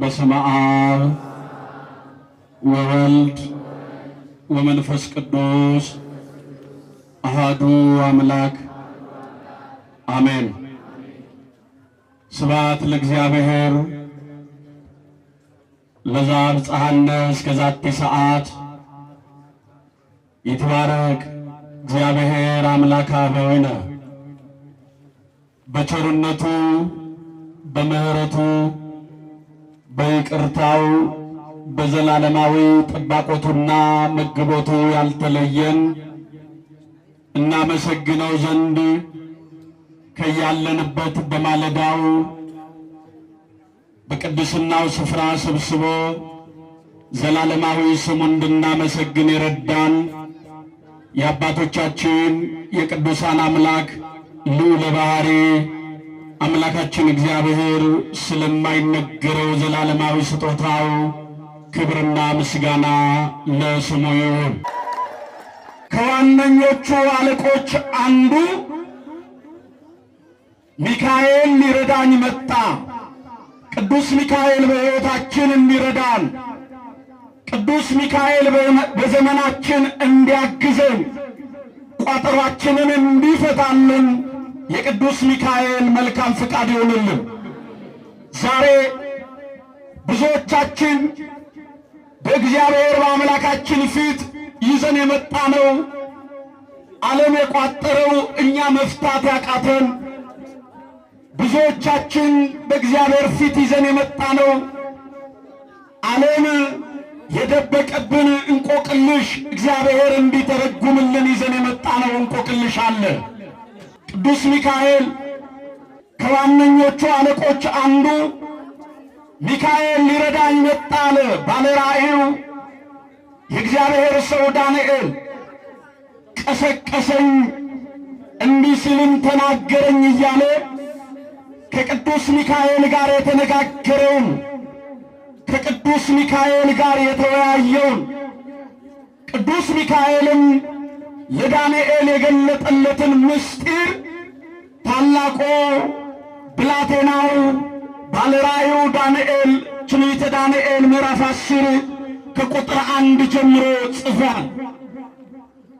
በስመ አብ ወወልድ ወመንፈስ ቅዱስ አሃዱ አምላክ አሜን። ስብሐት ለእግዚአብሔር ለዘአብጽሐነ እስከ ዛቲ ሰዓት። ይትባረክ እግዚአብሔር አምላከ አበዊነ በቸርነቱ በምሕረቱ በይቅርታው በዘላለማዊ ጥባቆቱና መግቦቱ ያልተለየን እናመሰግነው ዘንድ ከያለንበት በማለዳው በቅድስናው ስፍራ ሰብስቦ ዘላለማዊ ስሙ እንድናመሰግን የረዳን የአባቶቻችን የቅዱሳን አምላክ ልዑለ ባሕሪ አምላካችን እግዚአብሔር ስለማይነገረው ዘላለማዊ ስጦታው ክብርና ምስጋና ለስሙ ይሁን። ከዋነኞቹ አለቆች አንዱ ሚካኤል ሊረዳኝ መጣ። ቅዱስ ሚካኤል በሕይወታችን እንዲረዳን፣ ቅዱስ ሚካኤል በዘመናችን እንዲያግዘን፣ ቋጠሯችንን እንዲፈታልን የቅዱስ ሚካኤል መልካም ፍቃድ ይሆንልን። ዛሬ ብዙዎቻችን በእግዚአብሔር በአምላካችን ፊት ይዘን የመጣ ነው ዓለም የቋጠረው እኛ መፍታት ያቃተን ብዙዎቻችን በእግዚአብሔር ፊት ይዘን የመጣ ነው ዓለም የደበቀብን እንቆቅልሽ እግዚአብሔር እንዲተረጉምልን ይዘን የመጣ ነው እንቆቅልሽ አለ። ቅዱስ ሚካኤል ከዋነኞቹ አለቆች አንዱ ሚካኤል ሊረዳኝ መጣለ ባለ ራእዩ የእግዚአብሔር ሰው ዳንኤል ቀሰቀሰኝ፣ እንዲህ ሲልም ተናገረኝ እያለ ከቅዱስ ሚካኤል ጋር የተነጋገረውን ከቅዱስ ሚካኤል ጋር የተወያየውን ቅዱስ ሚካኤልም የዳንኤል የገለጠለትን ምስጢር ታላቁ ብላቴናው ባለራዩ ዳንኤል ትንቢተ ዳንኤል ምዕራፍ አስር ከቁጥር አንድ ጀምሮ ጽፏል።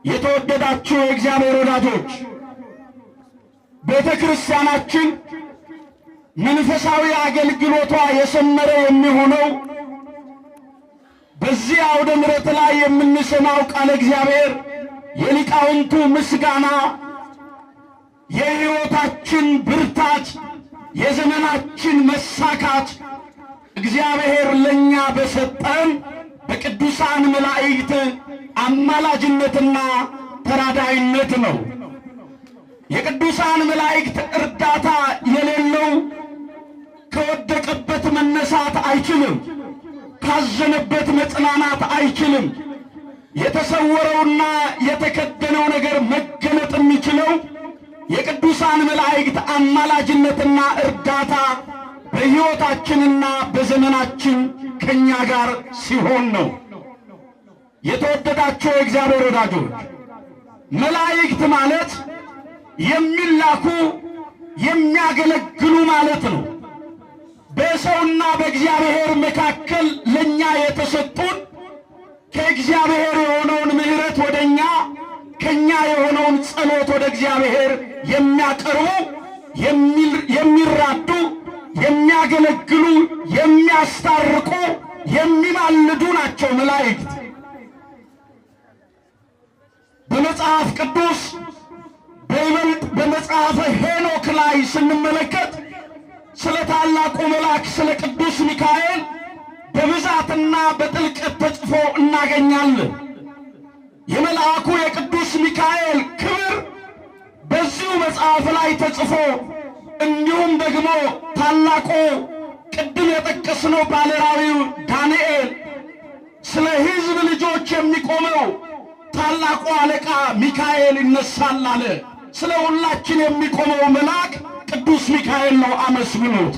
የተወደዳችሁ የእግዚአብሔር ወዳጆች ቤተ ክርስቲያናችን መንፈሳዊ አገልግሎቷ የሰመረ የሚሆነው በዚህ አውደ ምሕረት ላይ የምንሰማው ቃለ እግዚአብሔር የሊቃውንቱ ምስጋና የሕይወታችን ብርታት፣ የዘመናችን መሳካት እግዚአብሔር ለእኛ በሰጠን በቅዱሳን መላእክት አማላጅነትና ተራዳይነት ነው። የቅዱሳን መላእክት እርዳታ የሌለው ከወደቀበት መነሳት አይችልም። ካዘነበት መጽናናት አይችልም። የተሰወረውና የተከደነው ነገር መገለጥ የሚችለው የቅዱሳን መላእክት አማላጅነትና እርዳታ በሕይወታችንና በዘመናችን ከእኛ ጋር ሲሆን ነው። የተወደዳቸው የእግዚአብሔር ወዳጆች መላእክት ማለት የሚላኩ የሚያገለግሉ ማለት ነው። በሰውና በእግዚአብሔር መካከል ለእኛ የተሰጡን ከእግዚአብሔር የሆነውን ምሕረት ወደ እኛ ከእኛ የሆነውን ጸሎት ወደ እግዚአብሔር የሚያቀርቡ የሚራዱ፣ የሚያገለግሉ፣ የሚያስታርቁ፣ የሚማልዱ ናቸው መላእክት። በመጽሐፍ ቅዱስ በይበልጥ በመጽሐፈ ሄኖክ ላይ ስንመለከት ስለ ታላቁ መልአክ ስለ ቅዱስ ሚካኤል በስፋትና በጥልቀት ተጽፎ እናገኛለን። የመልአኩ የቅዱስ ሚካኤል ክብር በዚሁ መጽሐፍ ላይ ተጽፎ እንዲሁም ደግሞ ታላቁ ቅድም የጠቀስነው ባለራዊው ዳንኤል ስለ ሕዝብ ልጆች የሚቆመው ታላቁ አለቃ ሚካኤል ይነሳል አለ። ስለ ሁላችን የሚቆመው መልአክ ቅዱስ ሚካኤል ነው። አመስግኑት።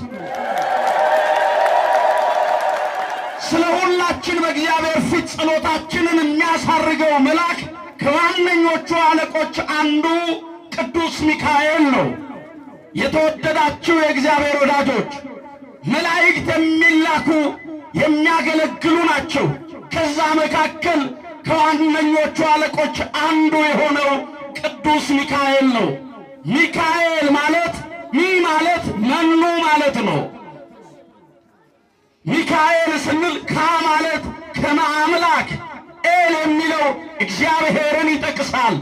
ስለ ሁላችን በእግዚአብሔር ፊት ጸሎታችንን የሚያሳርገው መልአክ ከዋነኞቹ አለቆች አንዱ ቅዱስ ሚካኤል ነው። የተወደዳችሁ የእግዚአብሔር ወዳጆች መላእክት የሚላኩ የሚያገለግሉ ናቸው። ከዛ መካከል ከዋነኞቹ አለቆች አንዱ የሆነው ቅዱስ ሚካኤል ነው። ሚካኤል ማለት ሚ ማለት መኑ ማለት ነው። ሚካኤል ስንል ካ ማለት ከማአምላክ ኤል የሚለው እግዚአብሔርን ይጠቅሳል።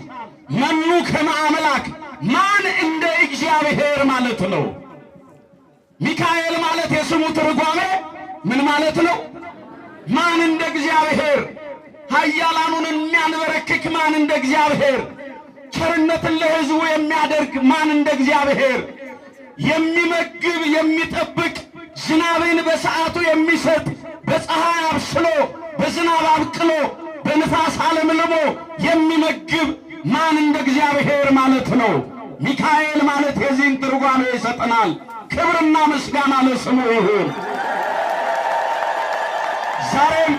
መኑ ከማአምላክ ማን እንደ እግዚአብሔር ማለት ነው። ሚካኤል ማለት የስሙ ትርጓሜ ምን ማለት ነው? ማን እንደ እግዚአብሔር፣ ኃያላኑን የሚያንበረክክ ማን እንደ እግዚአብሔር፣ ቸርነትን ለሕዝቡ የሚያደርግ ማን እንደ እግዚአብሔር፣ የሚመግብ የሚጠብቅ ዝናብን በሰዓቱ የሚሰጥ በፀሐይ አብስሎ በዝናብ አብቅሎ በንፋስ አለምልሞ የሚመግብ ማን እንደ እግዚአብሔር ማለት ነው። ሚካኤል ማለት የዚህን ትርጓሜ ይሰጠናል። ክብርና ምስጋና ለስሙ ይሁን። ዛሬም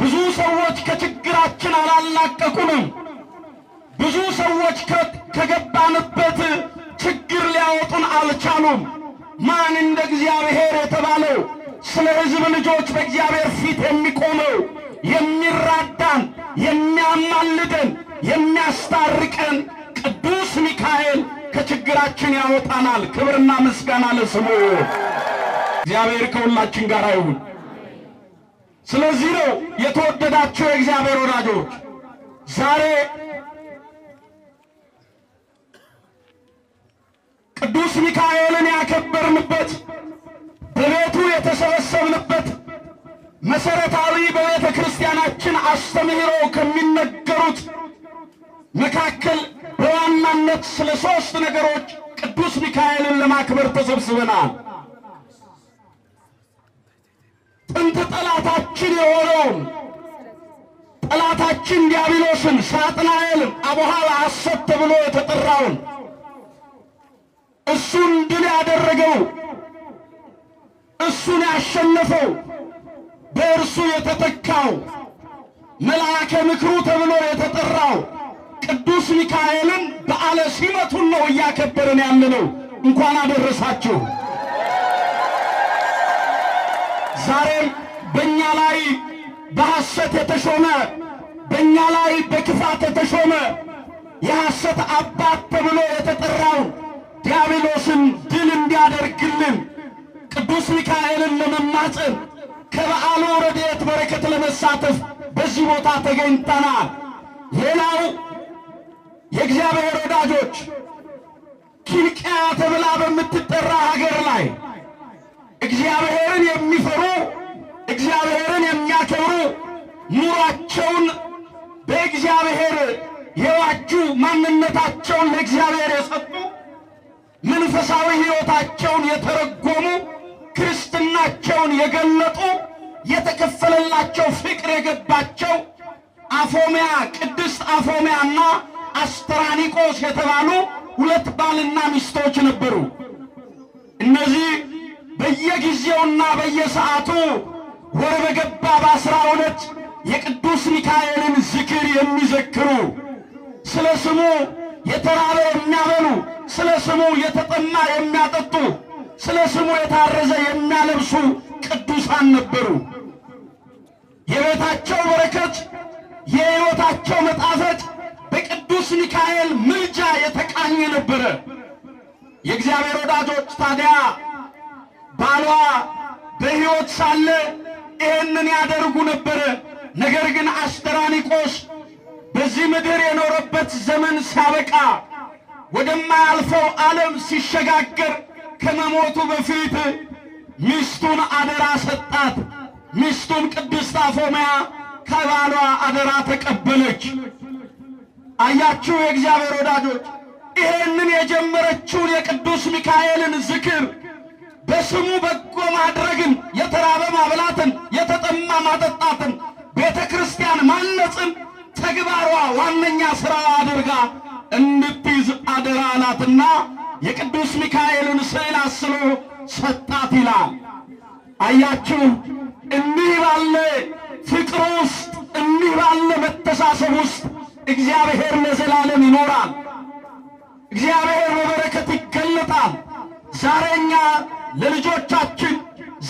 ብዙ ሰዎች ከችግራችን አላላቀቁንም። ብዙ ሰዎች ከገባንበት ችግር ሊያወጡን አልቻሉም። ማን እንደ እግዚአብሔር የተባለው ስለ ሕዝብ ልጆች በእግዚአብሔር ፊት የሚቆመው የሚራዳን፣ የሚያማልደን፣ የሚያስታርቀን ቅዱስ ሚካኤል ከችግራችን ያወጣናል። ክብርና ምስጋና ለስሙ። እግዚአብሔር ከሁላችን ጋር ይሁን። ስለዚህ ነው የተወደዳቸው የእግዚአብሔር ወዳጆች ዛሬ ቅዱስ ሚካኤልን ያከበርንበት በቤቱ የተሰበሰብንበት መሰረታዊ በቤተ ክርስቲያናችን አስተምህሮ ከሚነገሩት መካከል በዋናነት ስለ ሦስት ነገሮች ቅዱስ ሚካኤልን ለማክበር ተሰብስበናል። ጥንት ጠላታችን የሆነውን ጠላታችን ዲያብሎስን ሳጥናኤልን አቡሃ ሐሰት ተብሎ የተጠራውን እሱን ድል ያደረገው እሱን ያሸነፈው በእርሱ የተተካው መልአከ ምክሩ ተብሎ የተጠራው ቅዱስ ሚካኤልን በዓለ ሲመቱን ነው እያከበርን ያለነው። እንኳን አደረሳችሁ። ዛሬም በእኛ ላይ በሐሰት የተሾመ በእኛ ላይ በክፋት የተሾመ የሐሰት አባት ተብሎ የተጠራውን እንዲያደርግልን ቅዱስ ሚካኤልን ለመማፀን ከበዓሉ ረድኤት በረከት ለመሳተፍ በዚህ ቦታ ተገኝተናል። ሌላው የእግዚአብሔር ወዳጆች ኪልቅያ ተብላ በምትጠራ ሀገር ላይ እግዚአብሔርን የሚፈሩ እግዚአብሔርን የሚያከብሩ ኑሯቸውን በእግዚአብሔር የዋጁ ማንነታቸውን ለእግዚአብሔር የሰጡ መንፈሳዊ ሕይወታቸውን የተረጎሙ ክርስትናቸውን የገለጡ የተከፈለላቸው ፍቅር የገባቸው አፎሚያ ቅድስት አፎሚያና አስተራኒቆስ የተባሉ ሁለት ባልና ሚስቶች ነበሩ። እነዚህ በየጊዜውና በየሰዓቱ ወር በገባ በአስራ ሁለት የቅዱስ ሚካኤልን ዝክር የሚዘክሩ ስለ ስሙ የተራበ የሚያበሉ፣ ስለ ስሙ የተጠማ የሚያጠጡ፣ ስለ ስሙ የታረዘ የሚያለብሱ ቅዱሳን ነበሩ። የቤታቸው በረከት፣ የሕይወታቸው መጣፈጥ በቅዱስ ሚካኤል ምልጃ የተቃኘ ነበረ። የእግዚአብሔር ወዳጆች ታዲያ ባሏ በሕይወት ሳለ ይህንን ያደርጉ ነበረ። ነገር ግን አስተራኒቆስ በዚህ ምድር የኖረበት ዘመን ሳበቃ ወደማያልፈው ዓለም ሲሸጋገር ከመሞቱ በፊት ሚስቱን አደራ ሰጣት። ሚስቱን ቅድስት አፎምያ ከባሏ አደራ ተቀበለች። አያችሁ የእግዚአብሔር ወዳጆች፣ ይሄንን የጀመረችውን የቅዱስ ሚካኤልን ዝክር በስሙ በጎ ማድረግን፣ የተራበ ማብላትን፣ የተጠማ ማጠጣትን፣ ቤተ ክርስቲያን ማነጽን ተግባሯ ዋነኛ ሥራ አድርጋ እንድትይዝ አደራ ናትና የቅዱስ ሚካኤልን ስዕል አስሎ ሰጣት ይላል። አያችሁ፣ እንዲህ ባለ ፍቅር ውስጥ እንዲህ ባለ መተሳሰብ ውስጥ እግዚአብሔር ለዘላለም ይኖራል። እግዚአብሔር በበረከት ይገለጣል። ዛሬኛ ለልጆቻችን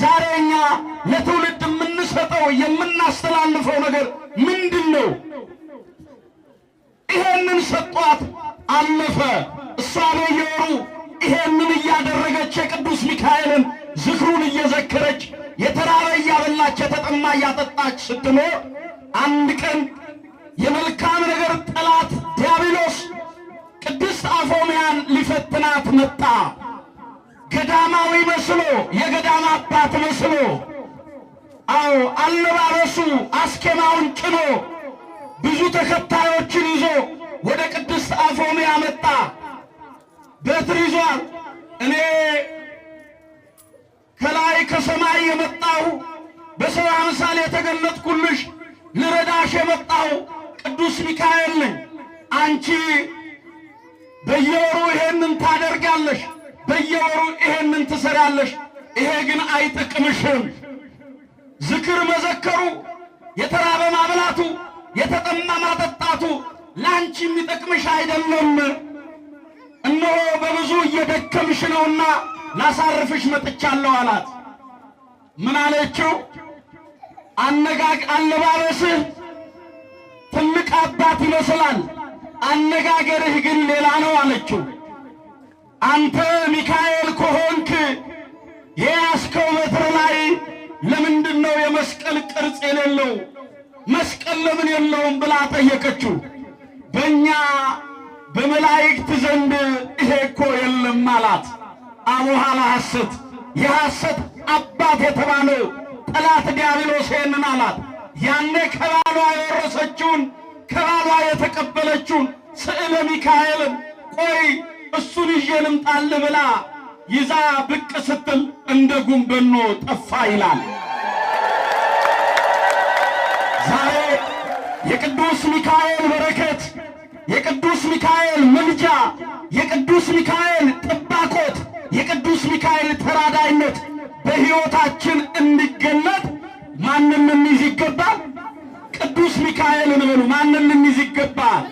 ዛሬኛ ለትውልድ የምንሰጠው የምናስተላልፈው ነገር ምንድን ነው? ይሄንን ሰጧት፣ አለፈ። እሷ በየወሩ ይሄንን እያደረገች የቅዱስ ሚካኤልን ዝክሩን እየዘከረች የተራበ እያበላች የተጠማ እያጠጣች ስትኖር አንድ ቀን የመልካም ነገር ጠላት ዲያብሎስ ቅድስት አፎምያን ሊፈትናት መጣ። ገዳማዊ መስሎ የገዳማ አባት መስሎ አዎ አለባበሱ አስኬማውን ጭኖ ብዙ ተከታዮችን ይዞ ወደ ቅድስት አፎምያ መጣ። በትር ይዟል። እኔ ከላይ ከሰማይ የመጣው በሰው አምሳል የተገለጥኩልሽ ልረዳሽ የመጣው ቅዱስ ሚካኤል ነኝ። አንቺ በየወሩ ይሄንን ታደርጋለሽ፣ በየወሩ ይሄንን ትሰራለሽ። ይሄ ግን አይጠቅምሽም። ዝክር መዘከሩ፣ የተራበ ማብላቱ የተጠማ ማጠጣቱ ለአንቺ የሚጠቅምሽ አይደለም። እነሆ በብዙ እየደከምሽ ነውና ላሳርፍሽ መጥቻለሁ አላት። ምን አለችው? አነጋግ አለባበስህ ትልቅ አባት ይመስላል፣ አነጋገርህ ግን ሌላ ነው አለችው። አንተ ሚካኤል ከሆንክ የያዝከው በትር ላይ ለምንድን ነው የመስቀል ቅርጽ የሌለው? መስቀል ለምን የለውም ብላ ጠየቀችው። በእኛ በመላእክት ዘንድ ይሄ እኮ የለም አላት። አቡሃ ለሐሰት የሐሰት አባት የተባለው ጠላት ዲያብሎስ ይህንን አላት። ያኔ ከባሏ የወረሰችውን ከባሏ የተቀበለችውን ስዕለ ሚካኤልን ቆይ እሱን ይዤ ልምጣል ብላ ይዛ ብቅ ስትል እንደ ጉንበኖ ጠፋ ይላል። የቅዱስ ሚካኤል በረከት፣ የቅዱስ ሚካኤል ምልጃ፣ የቅዱስ ሚካኤል ጥባቆት፣ የቅዱስ ሚካኤል ተራዳይነት በሕይወታችን እንዲገለጥ ማንም እንይዝ ይገባል። ቅዱስ ሚካኤል እንበሉ። ማንን ልንይዝ ይገባል?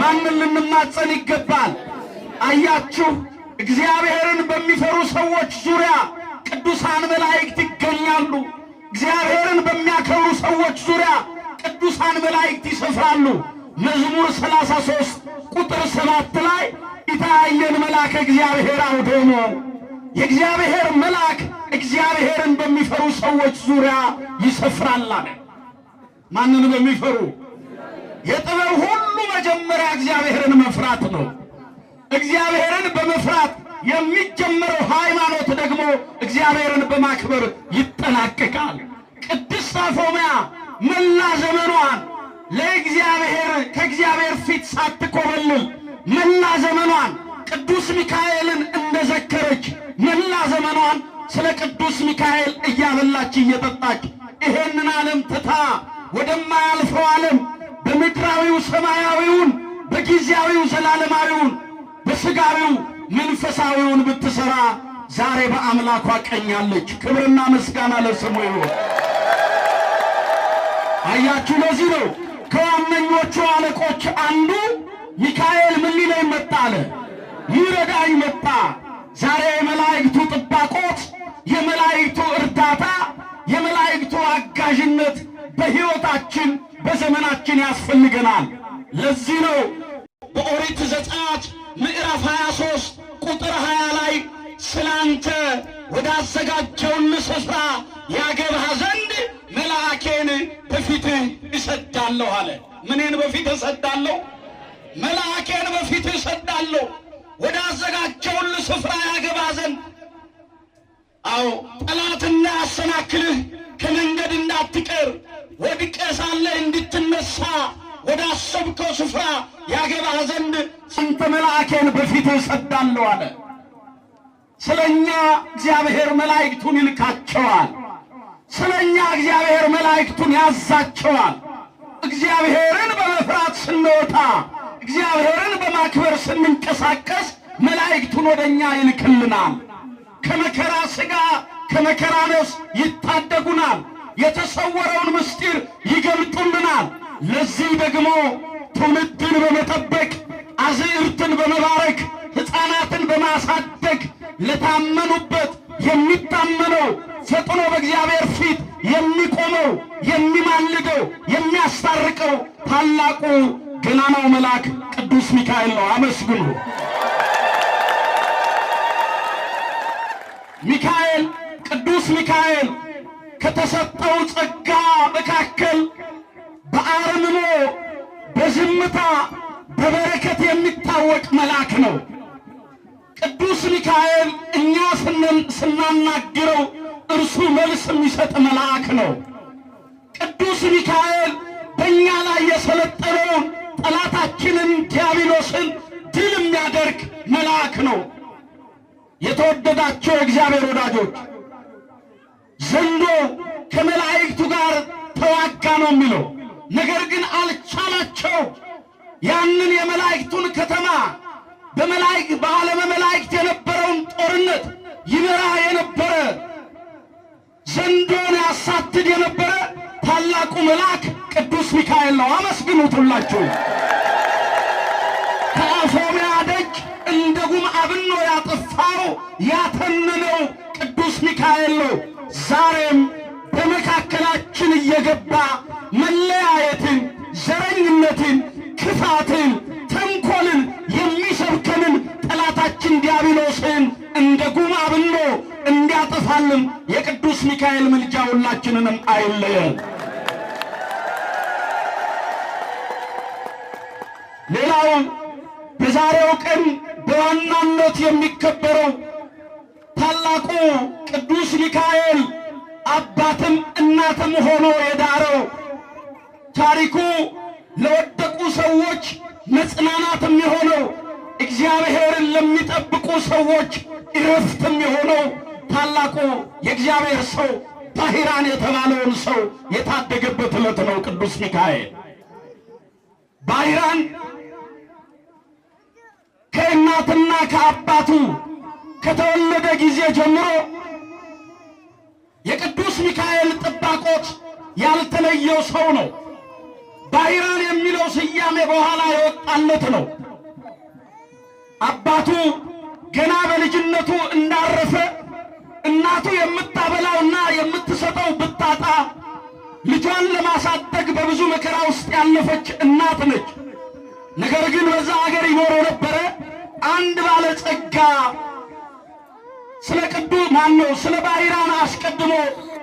ማንን ልንማጸን ይገባል? አያችሁ፣ እግዚአብሔርን በሚፈሩ ሰዎች ዙሪያ ቅዱሳን መላእክት ይገኛሉ። እግዚአብሔርን በሚያከብሩ ሰዎች ዙሪያ ቅዱሳን መላእክት ይሰፍራሉ። መዝሙር 33 ቁጥር ሰባት ላይ ይታየን መልአከ እግዚአብሔር አውዶሞ የእግዚአብሔር መልአክ እግዚአብሔርን በሚፈሩ ሰዎች ዙሪያ ይሰፍራል አለ። ማንን በሚፈሩ? የጥበብ ሁሉ መጀመሪያ እግዚአብሔርን መፍራት ነው። እግዚአብሔርን በመፍራት የሚጀመረው ሃይማኖት ደግሞ እግዚአብሔርን በማክበር ይጠናቀቃል። ቅድስት ሳፎምያ መላ ዘመኗን ለእግዚአብሔር ከእግዚአብሔር ፊት ሳትኮበልል መላ ዘመኗን ቅዱስ ሚካኤልን እንደዘከረች መላ ዘመኗን ስለ ቅዱስ ሚካኤል እያበላች እየጠጣች ይሄንን ዓለም ትታ ወደማያልፈው ዓለም በምድራዊው ሰማያዊውን በጊዜያዊው ዘላለማዊውን በሥጋዊው መንፈሳዊውን ብትሠራ ዛሬ በአምላኳ ቀኛለች። ክብርና ምስጋና ለስሙ ይሁን። አያችሁ፣ ለዚህ ነው ከዋነኞቹ አለቆች አንዱ ሚካኤል ምን ሊለኝ መጣ አለ፣ ይረዳኝ መጣ። ዛሬ የመላእክቱ ጥባቆት፣ የመላእክቱ እርዳታ፣ የመላእክቱ አጋዥነት በሕይወታችን በዘመናችን ያስፈልገናል። ለዚህ ነው በኦሪት ዘጸአት ምዕራፍ 23 ቁጥር 20 ላይ ስላንተ ወዳዘጋጀውን ስፍራ ያገባህ ዘንድ መልአኬን በፊት እሰዳለሁ አለ። ምንን በፊት እሰዳለሁ? መልአኬን በፊት እሰዳለሁ ወደ አዘጋጀውን ስፍራ ያገባ ዘንድ። አዎ ጠላት እንዳያሰናክልህ ከመንገድ እንዳትቀር ወድቀ ሳለ እንድትነሳ ወደ አሰብከው ስፍራ ያገባ ዘንድ ስንት መልአኬን በፊት እሰዳለሁ አለ። ስለ እኛ እግዚአብሔር መላእክቱን ይልካቸዋል። ስለኛ እግዚአብሔር መላእክቱን ያዛቸዋል። እግዚአብሔርን በመፍራት ስንወጣ፣ እግዚአብሔርን በማክበር ስንንቀሳቀስ መላእክቱን ወደ እኛ ይልክልናል። ከመከራ ሥጋ ከመከራ ነፍስ ይታደጉናል። የተሰወረውን ምስጢር ይገልጡልናል። ለዚህ ደግሞ ትውልድን በመጠበቅ አዝእርትን በመባረክ ሕፃናትን በማሳደግ ለታመኑበት የሚታመነው ሰጥኖ በእግዚአብሔር ፊት የሚቆመው የሚማልደው የሚያስታርቀው ታላቁ ገናናው መልአክ ቅዱስ ሚካኤል ነው። አመስግኑ። ሚካኤል ቅዱስ ሚካኤል ከተሰጠው ጸጋ መካከል በአርምሞ በዝምታ በበረከት የሚታወቅ መልአክ ነው። ቅዱስ ሚካኤል እኛ ስናናግረው እርሱ መልስ የሚሰጥ መልአክ ነው። ቅዱስ ሚካኤል በእኛ ላይ የሰለጠነውን ጠላታችንን ዲያብሎስን ድል የሚያደርግ መልአክ ነው። የተወደዳቸው እግዚአብሔር ወዳጆች ዘንዶ ከመላእክቱ ጋር ተዋጋ ነው የሚለው ነገር ግን አልቻላቸው። ያንን የመላእክቱን ከተማ በመላእክ በዓለመ መላእክት የነበረውን ጦርነት ይመራ የነበረ ዘንዶን ያሳትድ የነበረ ታላቁ መልአክ ቅዱስ ሚካኤል ነው። አመስግኑት ሁላችሁ። ከአፎሚያ ደጅ እንደ ጉም አብኖ ያጠፋው ያተነነው ቅዱስ ሚካኤል ነው። ዛሬም በመካከላችን እየገባ መለያየትን፣ ዘረኝነትን፣ ክፋትን፣ ተንኮልን የሚሰብከንን ጠላታችን ዲያብሎስን እንደ ጉም አብኖ እንዲያጠፋልን የቅዱስ ሚካኤል ምልጃ ሁላችንንም አይለየን። ሌላው በዛሬው ቀን በዋናነት የሚከበረው ታላቁ ቅዱስ ሚካኤል አባትም እናትም ሆኖ የዳረው ታሪኩ ለወደቁ ሰዎች መጽናናትም የሆነው እግዚአብሔርን ለሚጠብቁ ሰዎች እረፍትም የሆነው ታላቁ የእግዚአብሔር ሰው ታሂራን የተባለውን ሰው የታደገበት ዕለት ነው። ቅዱስ ሚካኤል ባሂራን ከእናትና ከአባቱ ከተወለደ ጊዜ ጀምሮ የቅዱስ ሚካኤል ጥባቆት ያልተለየው ሰው ነው። ባሂራን የሚለው ስያሜ በኋላ የወጣለት ነው። አባቱ ገና በልጅነቱ እንዳረፈ እናቱ የምታበላውና የምትሰጠው ብታጣ ልጇን ለማሳደግ በብዙ መከራ ውስጥ ያለፈች እናት ነች። ነገር ግን በዛ አገር ይኖር ነበረ አንድ ባለጸጋ ስለ ቅዱ ማን ነው ስለ ባሕራን አስቀድሞ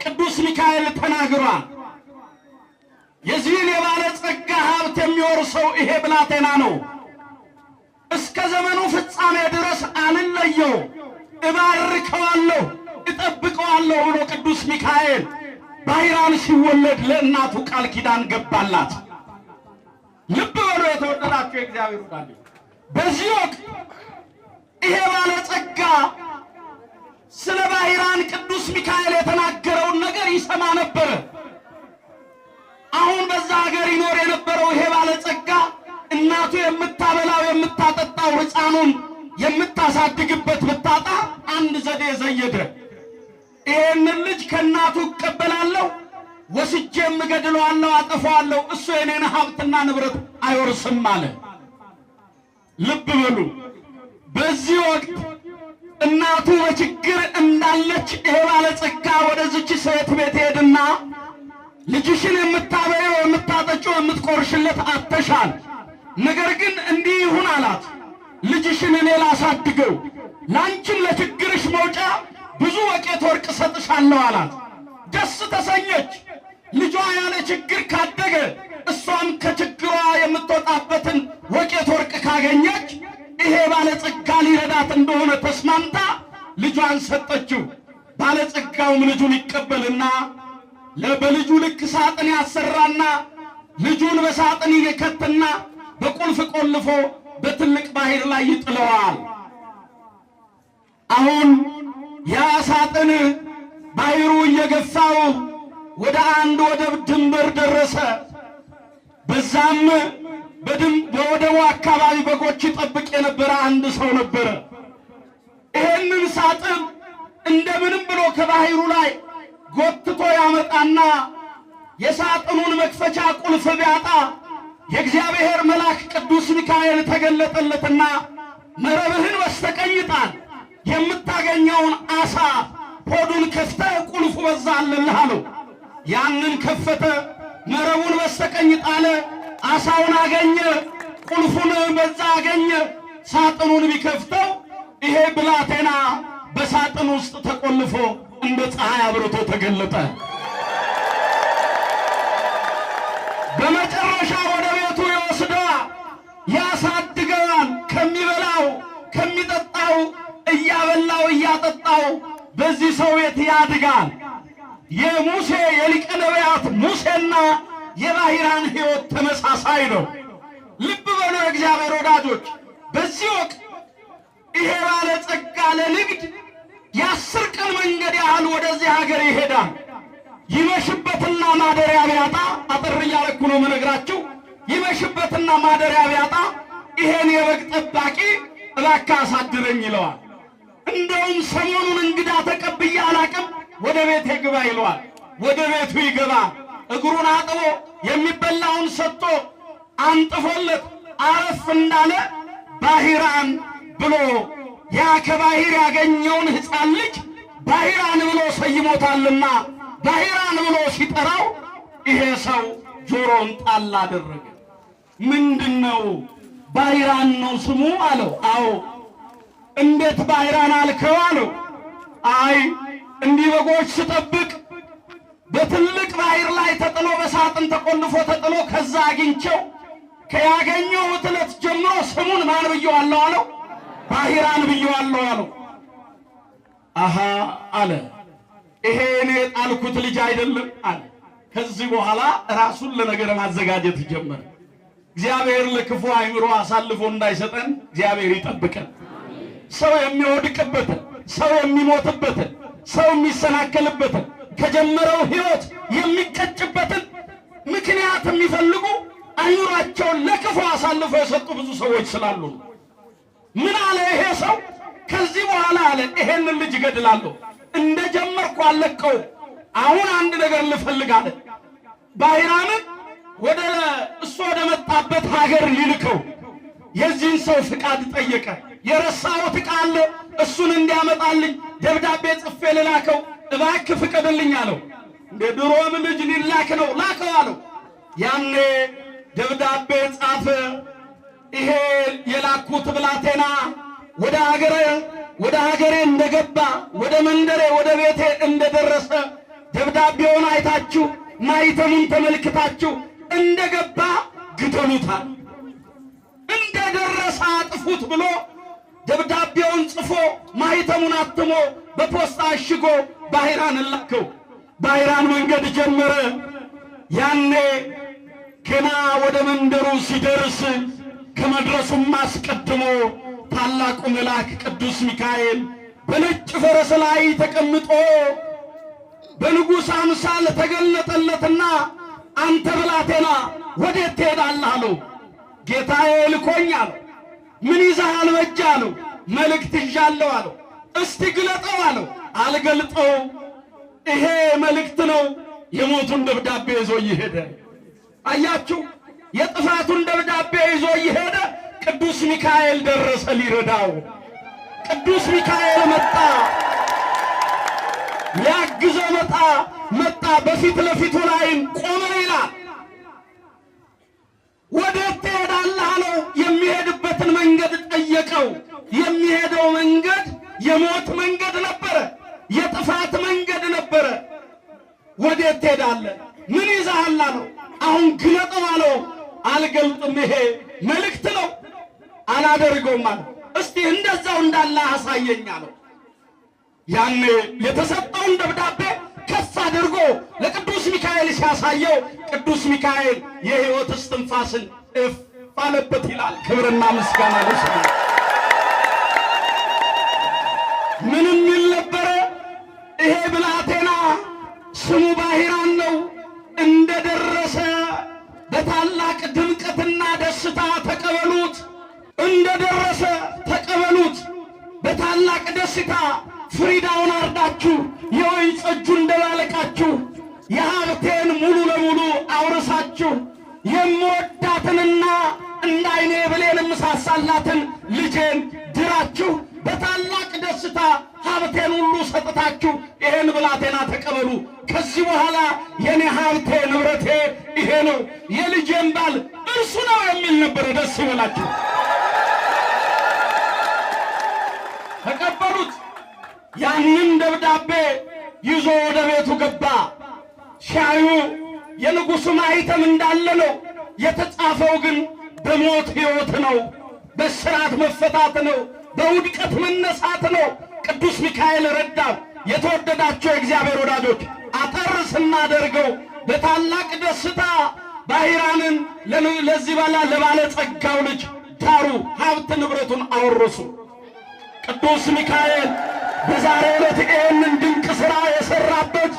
ቅዱስ ሚካኤል ተናግሯል። የዚህን የባለጸጋ ሀብት የሚወርሰው ይሄ ብላቴና ነው። እስከ ዘመኑ ፍጻሜ ድረስ አንለየው፣ እባርከዋለሁ እጠብቀዋለሁ ብሎ ቅዱስ ሚካኤል ባሕራን ሲወለድ ለእናቱ ቃል ኪዳን ገባላት። ልብ በሉ የተወደዳችሁ የእግዚአብሔር ወዳጆች፣ በዚህ ወቅት ይሄ ባለጸጋ ስለ ባሕራን ቅዱስ ሚካኤል የተናገረውን ነገር ይሰማ ነበረ። አሁን በዛ ሀገር ይኖር የነበረው ይሄ ባለጸጋ እናቱ የምታበላው የምታጠጣው ሕፃኑን የምታሳድግበት ብታጣ አንድ ዘዴ ዘየደ። ይሄንን ልጅ ከእናቱ እቀበላለሁ፣ ወስጄ የምገድለዋለሁ፣ አጠፋዋለሁ፣ እሱ የኔን ሀብትና ንብረት አይወርስም አለ። ልብ በሉ። በዚህ ወቅት እናቱ በችግር እንዳለች ይሄ ባለጸጋ ወደዚች ሴት ቤት ሄድና ልጅሽን የምታበየው የምታጠጪው የምትቆርሽለት አተሻል፣ ነገር ግን እንዲህ ይሁን አላት። ልጅሽን እኔ ላሳድገው፣ ለአንቺም ለችግርሽ መውጫ ብዙ ወቄት ወርቅ ሰጥሻለሁ አላት። ደስ ተሰኘች። ልጇ ያለ ችግር ካደገ እሷም ከችግሯ የምትወጣበትን ወቄት ወርቅ ካገኘች ይሄ ባለጸጋ ሊረዳት እንደሆነ ተስማምታ ልጇን ሰጠችው። ባለጸጋውም ልጁን ይቀበልና በልጁ ልክ ሳጥን ያሰራና ልጁን በሳጥን ይከትና በቁልፍ ቆልፎ በትልቅ ባህር ላይ ይጥለዋል። አሁን ያ ሳጥን ባሕሩ እየገፋው ወደ አንድ ወደብ ድንበር ደረሰ። በዛም በወደቡ አካባቢ በጎች ይጠብቅ የነበረ አንድ ሰው ነበረ። ይሄንን ሳጥን እንደምንም ብሎ ከባሕሩ ላይ ጎትቶ ያመጣና የሳጥኑን መክፈቻ ቁልፍ ቢያጣ የእግዚአብሔር መልአክ ቅዱስ ሚካኤል ተገለጠለትና መረብህን በስተቀኝ ጣል የምታገኘውን አሳ ሆዱን ከፍተ ቁልፉ በዛ አለልህ አለው። ያንን ከፈተ፣ መረቡን በስተቀኝ ጣለ፣ አሳውን አገኘ፣ ቁልፉን በዛ አገኘ። ሳጥኑን ቢከፍተው ይሄ ብላቴና በሳጥን ውስጥ ተቆልፎ እንደ ፀሐይ አብርቶ ተገለጠ። በመጨረሻ ወደ ቤቱ ይወስደዋል፣ ያሳድገዋል፣ ከሚበላው ከሚጠጣው እያበላው እያጠጣው በዚህ ሰው ቤት ያድጋል። የሙሴ የሊቀ ነቢያት ሙሴና የባሕራን ሕይወት ተመሳሳይ ነው። ልብ በሉ እግዚአብሔር ወዳጆች፣ በዚህ ወቅት ይሄ ባለጸጋ ለንግድ የአስር ቀን መንገድ ያህል ወደዚህ ሀገር ይሄዳል። ይመሽበትና ማደሪያ ቢያጣ አጥር እያለኩ ነው መነግራችሁ። ይመሽበትና ማደሪያ ቢያጣ ይሄን የበግ ጠባቂ እባካ አሳድረኝ ይለዋል። እንደውም ሰሞኑን እንግዳ ተቀብዬ አላቅም፣ ወደ ቤቴ ግባ ይለዋል። ወደ ቤቱ ይገባ እግሩን አጥቦ የሚበላውን ሰጥቶ አንጥፎለት አረፍ እንዳለ ባሂራን ብሎ ያ ከባሂር ያገኘውን ሕፃን ልጅ ባሂራን ብሎ ሰይሞታልና ባሂራን ብሎ ሲጠራው ይሄ ሰው ጆሮን ጣል አደረገ። ምንድነው? ባሂራን ነው ስሙ አለው። አዎ እንዴት ባሕራን አልከው አለው። አይ እንዲህ በጎች ስጠብቅ በትልቅ ባህር ላይ ተጥሎ በሳጥን ተቆልፎ ተጥሎ ከዛ አግኝቸው ከያገኘሁት ዕለት ጀምሮ ስሙን ማን ብየዋለሁ አለው። ባህራን ብየዋለሁ አለው። አሃ አለ። ይሄ እኔ ጣልኩት ልጅ አይደለም አለ። ከዚህ በኋላ ራሱን ለነገር ማዘጋጀት ጀመረ። እግዚአብሔር ለክፉ አይምሮ አሳልፎ እንዳይሰጠን እግዚአብሔር ይጠብቀን። ሰው የሚወድቅበት፣ ሰው የሚሞትበት፣ ሰው የሚሰናከልበት፣ ከጀመረው ህይወት የሚቀጭበትን ምክንያት የሚፈልጉ አይኑራቸውን ለክፉ አሳልፈው የሰጡ ብዙ ሰዎች ስላሉ ነው። ምን አለ ይሄ ሰው? ከዚህ በኋላ አለ ይሄንን ልጅ እገድላለሁ፣ እንደ ጀመርኩ አለቀው። አሁን አንድ ነገር ልፈልግ አለ ባይራምን ወደ እሱ ወደ መጣበት ሀገር ሊልከው የዚህን ሰው ፍቃድ ጠየቀ። የረሳሁት ዕቃ አለ እሱን እንዲያመጣልኝ ደብዳቤ ጽፌ ልላከው እባክህ ፍቀድልኝ አለው። እንደ ድሮም ልጅ ሊላክ ነው ላከው አለው። ያኔ ደብዳቤ ጻፈ። ይሄ የላኩት ብላቴና ወደ ሀገረ ወደ ሀገሬ እንደገባ ወደ መንደሬ ወደ ቤቴ እንደደረሰ ደብዳቤውን አይታችሁ ማይተሙን ተመልክታችሁ እንደገባ ግተሉታል። እንደደረሰ አጥፉት ብሎ ደብዳቤውን ጽፎ ማይተሙን አትሞ በፖስታ አሽጎ ባህራን ላከው። ባህራን መንገድ ጀመረ። ያኔ ገና ወደ መንደሩ ሲደርስ ከመድረሱም አስቀድሞ ታላቁ መልአክ ቅዱስ ሚካኤል በነጭ ፈረስ ላይ ተቀምጦ በንጉሥ አምሳል ተገለጠለትና አንተ ብላቴና ወዴት ትሄዳለህ? አለው። ጌታዬ ልኮኛል ምን ይዘሃል በእጅ አለው። መልእክት ይዣለሁ አለው። እስቲ ግለጠው አለው። አልገልጠው፣ ይሄ መልእክት ነው። የሞቱን ደብዳቤ ይዞ እየሄደ አያችሁ፣ የጥፋቱን ደብዳቤ ይዞ እየሄደ ቅዱስ ሚካኤል ደረሰ ሊረዳው። ቅዱስ ሚካኤል መጣ ሊያግዘው መጣ መጣ። በፊት ለፊቱ ላይም ቆመ ይላል ወደ ነው የሚሄደው መንገድ የሞት መንገድ ነበረ፣ የጥፋት መንገድ ነበረ። ወዴት ትሄዳለህ? ምን ይዛሃል አለው። አሁን ግለጠው አለው። አልገልጥም፣ ይሄ መልእክት ነው፣ አላደርገውም አለ። እስቲ እንደዛው እንዳለ አሳየኝ አለው። ያኔ የተሰጠውን ደብዳቤ ከፍ አድርጎ ለቅዱስ ሚካኤል ሲያሳየው ቅዱስ ሚካኤል የሕይወት እስትንፋስን እፍ ባለበት ይላል። ክብርና ምስጋና ለሰማይ ምንም ይል ነበረ። ይሄ ብላቴና ስሙ ባሂራን ነው። እንደደረሰ በታላቅ ድምቀትና ደስታ ተቀበሉት። እንደደረሰ ተቀበሉት በታላቅ ደስታ። ፍሪዳውን አርዳችሁ የወይን ጸጁ እንደላለቃችሁ የሀብቴን ሙሉ ለሙሉ አውርሳችሁ የምወዳትንና እንደ ዓይኔ ብሌን የምሳሳላትን ልጄን ድራችሁ በታላቅ ደስታ ሀብቴን ሁሉ ሰጥታችሁ ይሄን ብላቴና ተቀበሉ። ከዚህ በኋላ የኔ ሀብቴ ንብረቴ ይሄ ነው፣ የልጄም ባል እርሱ ነው የሚል ነበረ። ደስ ይበላችሁ። ተቀበሉት። ያንን ደብዳቤ ይዞ ወደ ቤቱ ገባ። ሲያዩ የንጉሡ ማኅተም እንዳለ ነው። የተጻፈው ግን በሞት ሕይወት ነው፣ በስራት መፈታት ነው። በውድቀት መነሳት ነው። ቅዱስ ሚካኤል ረዳ። የተወደዳቸው የእግዚአብሔር ወዳጆች አጠር ስናደርገው በታላቅ ደስታ ባሕራንን ለዚህ ባላ ለባለ ልጅ ዳሩ፣ ሀብት ንብረቱን አወረሱ። ቅዱስ ሚካኤል በዛሬ ዕለት ይህንን ድንቅ ሥራ የሠራበት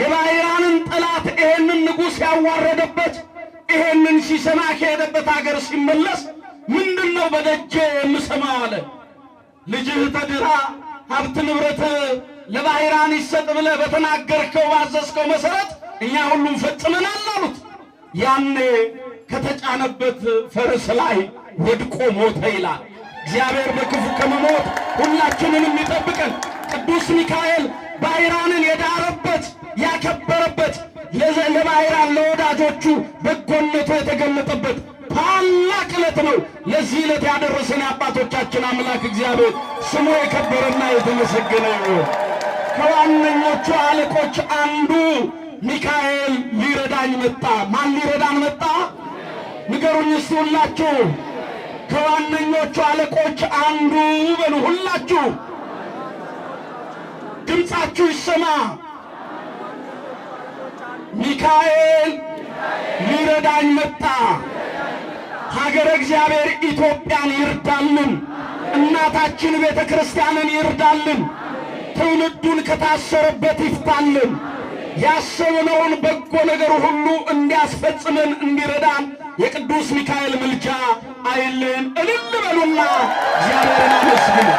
የባሕራንን ጠላት ይህንን ንጉሥ ያዋረደበት ይህንን ሲሰማ ከሄደበት አገር ሲመለስ ምንድን ነው በደጄ የምሰማው አለ። ልጅህ ተድሃ ሀብት ንብረት ለባሕራን ይሰጥ ብለህ በተናገርከው ባዘዝከው መሠረት እኛ ሁሉም ፈጽመናል አሉት። ያኔ ከተጫነበት ፈረስ ላይ ወድቆ ሞተ ይላል። እግዚአብሔር በክፉ ከመሞት ሁላችንንም ይጠብቀን። ቅዱስ ሚካኤል ባሕራንን የዳረበት ያከበረበት ለባሕራን ለወዳጆቹ በጎነቱ የተገለጠበት ታላቅ ዕለት ነው። ለዚህ ዕለት ያደረሰን የአባቶቻችን አምላክ እግዚአብሔር ስሙ የከበረና የተመሰገነ ይሁን። ከዋነኞቹ አለቆች አንዱ ሚካኤል ሊረዳኝ መጣ። ማን ሊረዳን መጣ? ንገሩኝ እስቲ ሁላችሁ። ከዋነኞቹ አለቆች አንዱ በሉ ሁላችሁ፣ ድምፃችሁ ይሰማ። ሚካኤል ሊረዳኝ መጣ። ሀገረ እግዚአብሔር ኢትዮጵያን ይርዳልን። እናታችን ቤተ ክርስቲያንን ይርዳልን። ትውልዱን ከታሰረበት ይፍታልን። ያሰብነውን በጎ ነገር ሁሉ እንዲያስፈጽምን እንዲረዳን የቅዱስ ሚካኤል ምልጃ አይልን። እልል በሉና እግዚአብሔርን አመስግኑ።